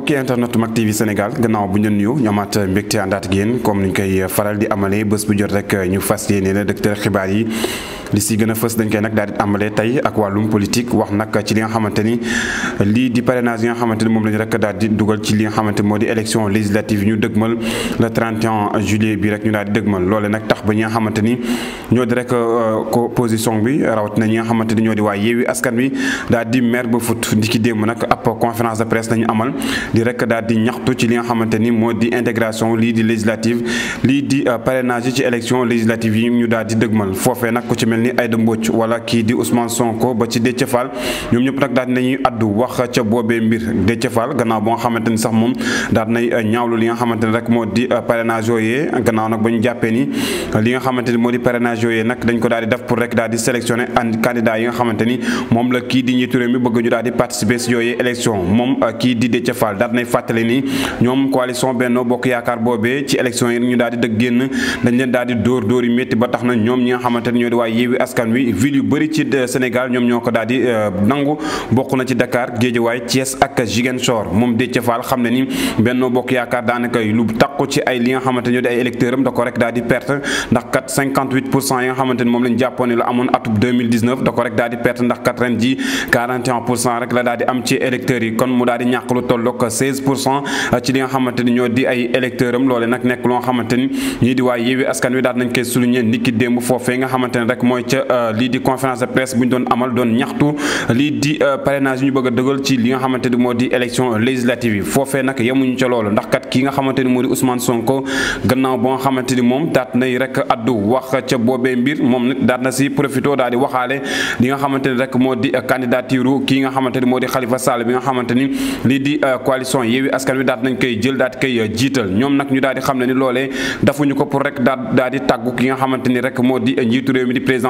mbokki internet Mak TV Sénégal gannaaw bu ñu nuyoo ñu amaat mbégte àndaat ak yéen comme ni koy faral di amalee bés bu jot rek ñu fas yéene la docteur xibaar yi li si gën a fës dañ koy nag daal di àmbale tey ak wàllum politique wax nag ci li nga lii di parrainage yi nga moom lañu rek daal di dugal ci li nga xamante moo di élection législative le bi rek ñu daal di dëgmal loole nag tax ba ñi nga xamante ni ñoo di rek euh, opposition bi rawatina ñi nga xamante ni ñoo di waa yeewi askan wi daal di mer ba fut ndiki démb nag ab conférence de presse nañu amal di rek daal di ñaxtu ci li nga xamante ni moo di intégration lii di législative lii di euh, parrainage yi ci élection législative yi ñu daal di dëgmal nag ku ci mel mel ni Aïda Mbodj wala kii di Ousmane Sonko ba ci Déthié Fall ñoom ñëpp nag daal dinañuy addu wax ca boobee mbir ni euh, moo di euh, parrainage yooyee gannaaw nag ba ñu jàppee ni li di parrainage yooyee nag dañ ko daal di def pour rek daal di sélectionner and candidat yi nga xamante moom la kii di njiitu mi bëgg ñu daal di participer si yooyee élection moom euh, kii di Déthié Fall daal dinay fàttali ni ñoom coalition Benno Bokk Yaakaar boobee ci élection yi ñu daal di dëgg génn dañ leen daal di dóor dóor yi métti ba tax na ñoom ñi nga xamante ñoo di waaye yeewi askan wi ville yu bëri ci euh, Sénégal ñoom ñoo ko daal euh, nangu bokk na ci Dakar Guédiawaye Thiès ak Ziguinchor moom Déthié Fall xam ne ni Benno Bokk Yaakaar daanaka lu takku ci ay li nga xamante da ni moom lañ jàppoon ne amoon atub 2019 rek daal perte ndax kat ren ji rek la daal am ci électeurs yi kon mu daal di ñàkk lu tolloog 16 pour cent euh, ci li nga xamante ni ñoo di ay électeurs am loole nag nekk loo xamante ni ñii di waa Yewwi Askan Wi daal mooy ca euh, lii di conférence de presse bu ñu doon amal doon ñaxtu euh, lii di euh, parrainage yu ñu bëgg a dëgal ci li nga xamante moo di élection législative yi foofee nag na si profito daal di waxaale li moo di candidature kii nga xamante ni moo di Khalifa Sall bi nga xamante ni lii di coalition Yewwi Askan Wi daat nañ koy jël daat koy jiital ñoom nag ñu daal xam ne ni loolee dafuñu ko pour rek daal daal tàggu ki nga xamante ni moo di njiitu réew mi di président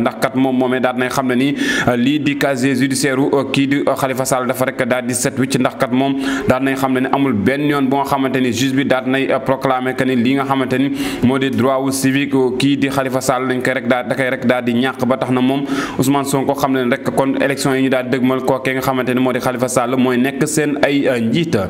ndax kat moom moomee daal nay xam ne nii euh, lii di casier judiciaire euh, kii di euh, Khalifa Sall dafa rek daal di set wicc ndax kat moom daal nay xam ne ni amul benn yoon bu nga xamante ni juge bi daal nay proclamer que ni lii nga xamante ni moo di droit wu civique kii di Khalifa Sall dañ koy rek daal da koy rek daal di ñàkk ba tax na moom Ousmane Sonko xam ne rek kon élection yi ñu daal dëgmal kookee nga xamante ni moo di Khalifa Sall mooy nekk seen ay njiita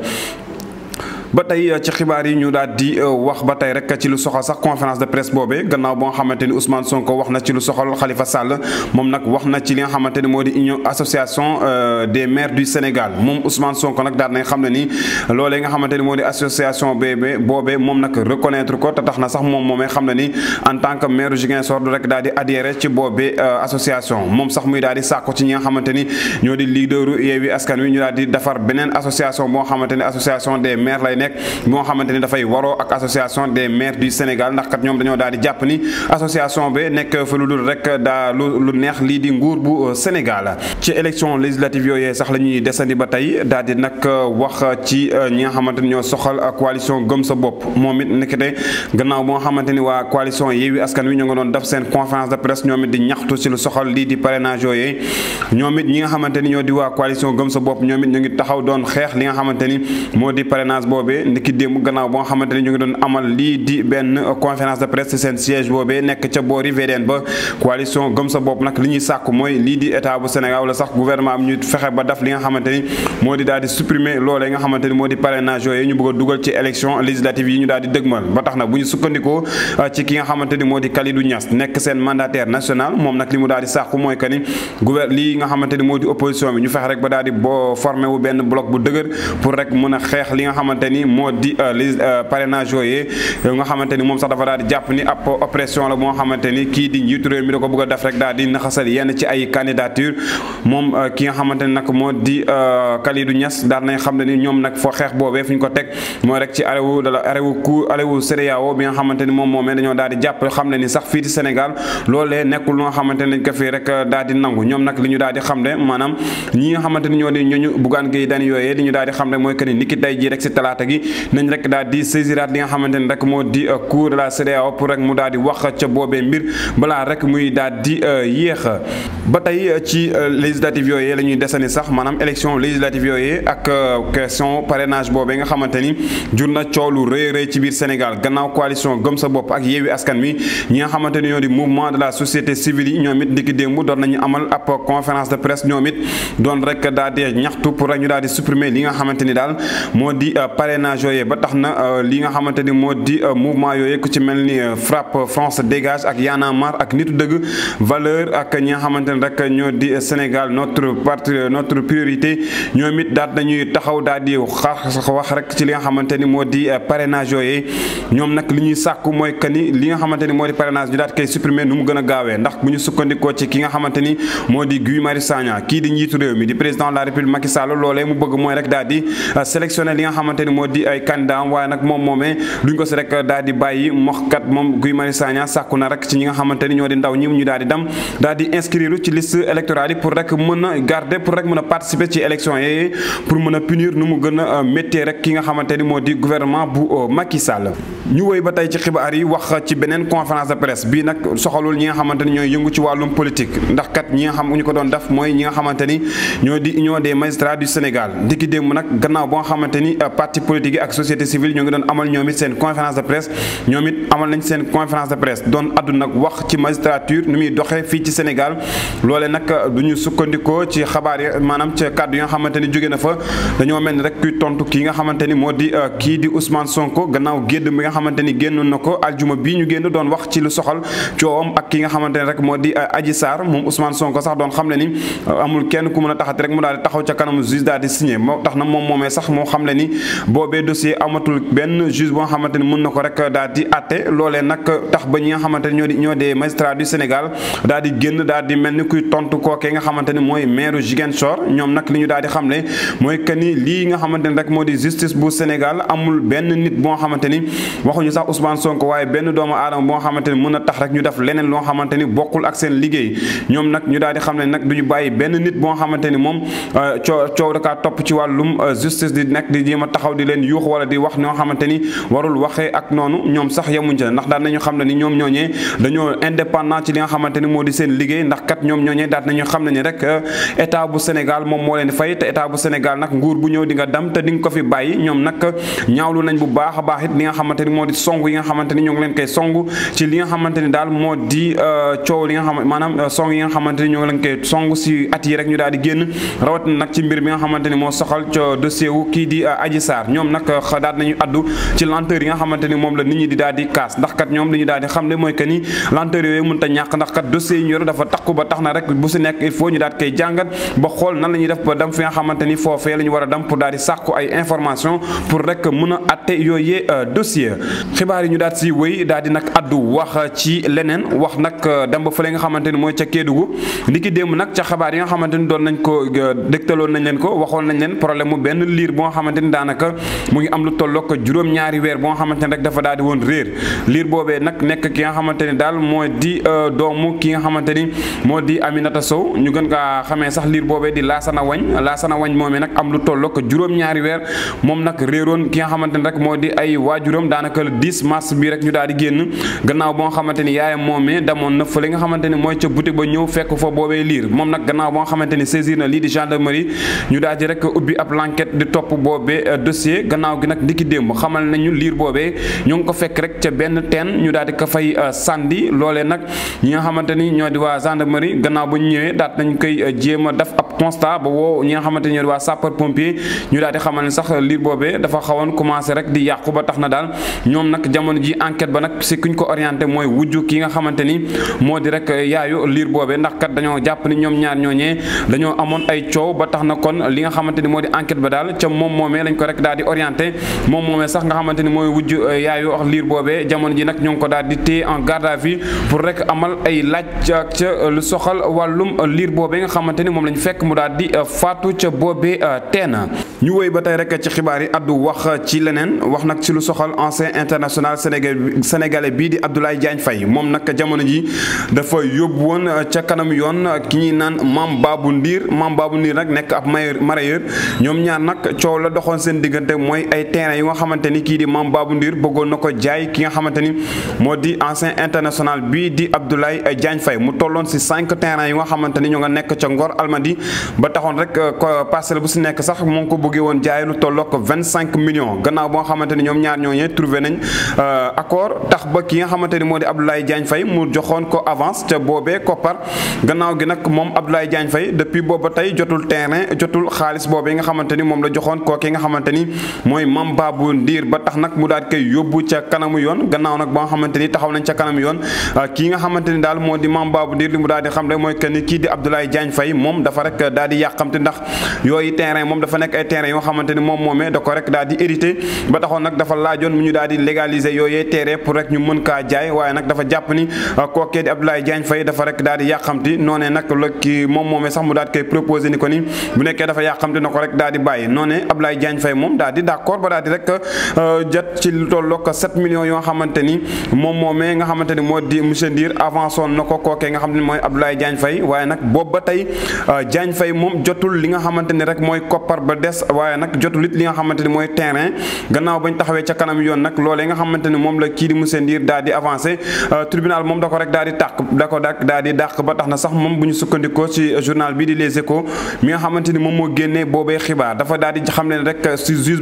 ba tey euh, ci xibaar yi ñu daal di euh, wax ba tey rek ci lu soxal sax conférence de presse boobe gannaaw boo nga xamante ni Ousmane Sonko wax na ci lu soxal Khalifa Sall moom nag wax na ci li nga xamante ni moo di union association euh, des maires du Sénégal moom Ousmane Sonko nag daal nañ xam ne ni loolee nga xamante ni moo di association boobe boobee moom nag reconnaître ko te tax na sax moom moomee xam na ni en tant que maire Ziguinchor du rek daal di adhéré ci boobee association moom sax muy daal di sàkku ci ñi nga xamante ni ñoo di leaderu Yewwi Askan Wi ñu daal di defar beneen association boo xamante ni association des maires lay nekk moo xamante ni dafay waroo ak association des maires du Sénégal ndax kat ñoom dañoo daal di jàpp ni association bi nekk fa lu dul rek daa lu lu neex lii di nguur bu euh, Sénégal ci élection législative yooyee sax la ñuy desandi ba tey daal di nag euh, wax ci euh, ñi nga xamante ni ñoo soxal coalition gëm sa bopp moom it nekkite gannaaw boo nga xamante ni waa coalition Yewwi Askan Wi ñoo nga doon def seen conférence de presse ñoom it di ñaxtu ci lu soxal lii di ñi nga xamante ni ñoo sa bopp ñoom it ñu boobee démb gannaaw ba nga xamante ñu ngi doon amal lii di benn conférence de presse seen siège boobee nekk ca boori VDN ba coalition gëm sa bopp nag li ñu fexe ba daf li nga xamante moo di daal supprimer loolee nga xamante moo di parrainage yooyu ñu bëgg dugal ci élection législative yi ñu daal dëgmal ba tax na bu ñu sukkandikoo euh, ci ki nga xamante moo di Kalidou Niass nekk seen mandataire national moom nag li mu daal di mooy que ni ni moo di euh, les euh, parrainage yooyu euh, nga xamante moom sax dafa daal jàpp ni ab oppression la moo xamante kii di da ko a def rek daal di naxasal yenn ñu ko teg mooy rek ci e bi nga xamante ni moom moomee dañoo daal di jàpp xam ne ni sax fii ci Sénégal loolee nekkul lu nga xamante ne dañ ko fii rek daal di nangu ñoom mooy que ni niki tey jii ci talaata gi nañ rek daal di saisiraat li nga xamante ne rek moo di euh, cour de la CEDEAO pour rek mu daal wax ca boobee mbir balaa rek muy daal euh, yéex ba tey euh, ci législative yooyee lañuy ñuy desani sax maanaam élection législative yooyee ak question parrainage boobee nga xamante ni jur na coow lu rëy rëy ci biir Sénégal gannaaw coalition gëm sa bopp ak yeewi askan wi ñi nga xamante ni ñoo di mouvement de la société civile yi ñoom it ndiki démb doon nañu amal ab conférence de presse nga xamante ni daal parrainage yooyu ba tax na euh, li nga xamante ni moo di euh, mouvement yooyu ku ci mel ni euh, FRAPP France dégage ak Y'en a marre ak nitu dëgg valeur ak ñi nga xamante ne rek ñoo di Sénégal notre parti notre priorité ñoom it daal dañuy taxaw daal di xaax wax rek ci li nga xamante ni moo di parrainage yooyu ñoom nag li ñuy sàkku mooy que ni li nga xamante ni moo di parrainage ñu daal koy supprimer nu mu gën a gaawee ndax bu ñu sukkandikoo ci ki nga xamante ni moo di Guy Marius Sagna kii di njiitu réew mi di président la République Macky Sall loolee mu bëgg mooy rek moo di ay kandidaam waaye nag moom moomee duñ ko si rek daal di bàyyi moxkat moom Guy Marius Sagna sàkku na rek ci ñi nga xamante ñoo di ndaw ñi ñu daal di dem daal di inscrire ci liste électorale a garder pour rek mën a mu gën ki nga xamante ni moo di gouvernement bu euh, Macky Sall ñu wéy ba tey ci xibaar yi wax ci beneen conférence de presse bii nag soxalul ñi nga xamante ni ñooy yëngu ci wàllum politique ndax kat ñi nga xam ñu ko doon def mooy ñi nga xamante ni ñoo di union des magistrats du Sénégal ndiki démb nag gannaaw boo nga xamante ni euh, parti politique yi ak société civile ñoo ngi doon amal ñoom seen conférence de presse ñoom amal nañ seen conférence de presse doon addu wax ci magistrature nu muy doxee fii ci Sénégal loole nag du ñu sukkandikoo ci xabaar yi maanaam ci kàddu yi nga xamante ni jóge na fa dañoo mel ni rek kuy tontu kii nga xamante ni moo di euh, kii di Ousmane Sonko gannaaw gédd bi nga xamante ni génnoon na ko aljuma bi ñu génn doon wax ci lu soxal coowam ak ki nga xamante ne rek moo di euh, Adji Sarr moom Ousmane Sonko sax doon xam ne ni euh, amul kenn ku mën a taxati rek mu daal ca kanamu juge daal boobee dossier amatul benn juge boo nga xamante ne mën na ko rek daal di atte loolee nag tax ba ñi nga xamante ne ñoo di ñoo dee magistrat du Sénégal daal di génn daal di mel ni kuy tontu kookee nga xamante ne mooy maire Ziguinchor ñoom nag li ñu daal di xam ne mooy que ni lii nga xamante ne rek moo di justice bu Sénégal amul benn nit boo xamante ni waxuñu sax Ousmane Sonko waaye benn doomu aadama boo xamante ni mën na tax rek ñu def leneen loo xamante ni bokkul ak seen liggéey ñoom nag ñu daal di xam ne nag duñu bàyyi benn nit boo xamante ni moom euh, coow coow dakaa topp ci wàllum euh, justice di nekk di jéem a taxaw di leen yuux wala di wax ñoo xamante ni warul waxee ak noonu ñoom sax yamuñ ci ndax daan nañu xam ne ni ñoom ñooñee dañoo indépendant ci li nga xamante moo di seen liggéey ndax kat euh, bu Sénégal moom moo leen fay te état bu bu ñëw di nga dam te a baax it li moo di song yi nga xamante ni ñoo ngi leen koy song ci li nga xamante ni daal moo di euh, coow li nga xam maanaam euh, song yi nga xamante ni ñoo ngi leen koy song si at yi rek ñu daal di génn rawatina nag ci mbir bi nga ni moo soxal dossier wu kii di Adji Sarr ñoom nag euh, daal nañu addu ci yi nga xamante ni moom la nit ñi di daal di kaas ndax kat ñoom li ñu daal di xam ne mooy que ni lenteur yooyu mën ta ñàkk ndax kat dossier yi ñu yor dafa takku ba tax na rek bu si nekk il nga xamante ni foofee la ñu war a dem pour daal di sàkku ay information pour rek mën a atte yooyee euh, dossier xibaar yi ñu daal si wéy daal di nag addu wax ci leneen wax nag euh, dem ba fële nga xamante ni mooy ca Kédougou li ki démb nag ca xabaar yi nga xamante ni doon nañ ko dégtaloon nañ leen ko waxoon nañ leen problème mu benn liir bu nga xamante ni daanaka mu ngi am lu tolloo ko juróom-ñaari weer boo xamante ne rek dafa daal di woon réer liir boobee nag nekk ki nga xamante ni daal moo di euh, doomu ki nga xamante ni moo di Aminata Sow ñu gën kaa xamee sax liir boobee di Laasana Wañ Laasana Wañ moomee nag am lu tolloo juróom-ñaari weer moom nag réeroon ki nga xamante ne rek moo di ay waajuram daanaka le 10 mars bi rek ñu daal génn gannaaw boo nga xamante ni yaayam moomee damoon na fële nga xamante ni mooy ca boutique ba ñëw fekk fa boobee liir moom nag gannaaw boo nga xamante ni saisir na lii di gendarmerie ñu daal di rek ubbi ab l'enquête di topp boobe euh, dossier génne gannaaw gi nag ndiki démb xamal nañu liir boobee ñoo ngi ko fekk rek ca benn teen ñu daal di ko fay euh, sàndi loolee nag ñi nga xamante ni ñoo di waa gendarmerie gannaaw ba ñu ñëwee daat nañ koy euh, jéem a def ab constat ba woo ñi nga xamante ni ñoo di waa sapeur pompier ñu daal di xamal ne sax liir boobee dafa xawoon commencé rek di yàqu ba tax na daal ñoom nag jamono ji enquête ba nag si kuñ ko orienté mooy wujju ki nga xamante ni moo di rek yaayu liir boobee ndax kat dañoo jàpp ni ñoom ñaar ñooñee dañoo amoon ay coow ba tax na kon li nga xamante ni moo di enquête ba daal ca moom moomee lañ ko rek orienté moom moomee sax nga xamante ni mooy wujj euh, yaayu ak liir boobee jamono ji nag ñoo ngi ko daal di téye en garde à pour rek amal ay laaj ca euh, lu soxal wàllum euh, liir boobee nga xamante ni moom lañu fekk mu daal di faatu ca boobee teen ñu wéy ba tey rek ci xibaar yi addu wax ci leneen wax nag ci lu soxal ancien international sénégalais bii di Abdoulaye jaañ Faye moom nag jamono ji dafa yóbbu woon ca kanam yoon ki ñuy naan Mame Babou Ndir Mame Babou Ndir nag nekk ab diggante mooy ay terrain yu nga xamante ni kii di Mame Babou Ndour bëggoon na ko jaay ki nga xamante ni moo di ancien international bii di Abdoulaye Diagne Faye mu tolloon si cinq terrain yu nga xamante ni ñu nga nekk ca Ngor Almadi ba taxoon rek euh, parcelle bu si nekk sax moo ko bëggee woon jaay lu tollook vingt cinq millions gannaaw boo nga xamante ni ñoom ñaar ñooñee trouvé nañ euh, accord tax ba ki nga xamante ni moo di Abdoulaye Diagne Faye mu joxoon ko avance ca boobee koppar gannaaw gi nag moom Abdoulaye Diagne Faye depuis booba tey jotul terrain jotul xaalis boobee nga xamante ni moom la joxoon kooki nga xamante ni mooy maam baa baabu ndiir ba tax nag mu daal koy yóbbu ca kanamu yoon gannaaw nag ba nga xamante ni taxaw nañ ca kanamu yoon ah, kii nga xamante ni daal moo di mam baabu ndiir li mu daal di xam rek mooy que ni kii di Abdoulaye Diagne Faye moom dafa ndax yooyu terrain moom dafa nekk ay terrain yoo xamante ni moom moomee da ko rek daal di hérité ba taxoon nag dafa laajoon mu ñu daal di légaliser yooyee terrain pour rek ñu mën kaa jaay waaye nag dafa jàpp ni ah, kookee di Abdoulaye Diagne Faye dafa rek daal di yàqamti noonee nag la kii moom moomee sax mu daal koy proposé ni ko ni bu nekkee dafa yàqamti na ko rek daal di bàyyi noonee Abdoulaye Diagne Faye moom di d' accord ba daal rek euh, jot ci lu tolloog 7 millions yoo xamante ni moom moomee nga xamante ni moo di monsieur Ndir avancé woon na ko kookee nga xam ne mooy Abdoulaye Diagne Faye waaye nag boobu ba tey euh, Diagne Faye moom jotul li nga xamante ni rek mooy koppar ba des waaye nag jotul it li xamante ni mooy terrain gannaaw bañ taxawee ca kanam yoon nag loolee nga xamante ni moom la kii di monsieur Ndir daal di avancé euh, tribunal moom da ko rek di tàq da ko daal di ba tax na sax moom bu ñu sukkandikoo ci bi di Les Échos mi nga xamante ni moom moo génnee boobee xibaar dafa daal di xam leen rek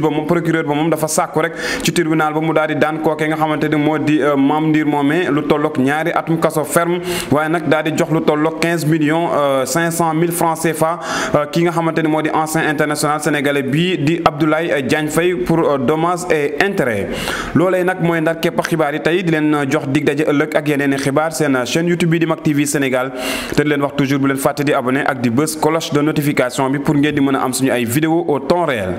juge ba moom procureur ba moom dafa sàkku rek ci tribunal ba mu daal di daan kooke nga xamante ni moo di euh, Mame Ndir moomee lu tolloog ñaari atum kaso ferme waaye nag daal di jox lu tolloog 15 millions 500 euh, mille francs CFA euh, ki nga xamante ni moo di ancien international sénégalais bii di Abdoulaye Diagne Faye pour dommages et intérêts loolee nag mooy ndar képp xibaar yi tey di leen jox dig daje ëllëg ak yeneen i xibaar seen chaîne YouTube bi di Mak TV Sénégal te di leen wax toujours bu leen fàtte ak di bës cloche de notification bi pour ngeen di mën a am suñu ay vidéo au temps réel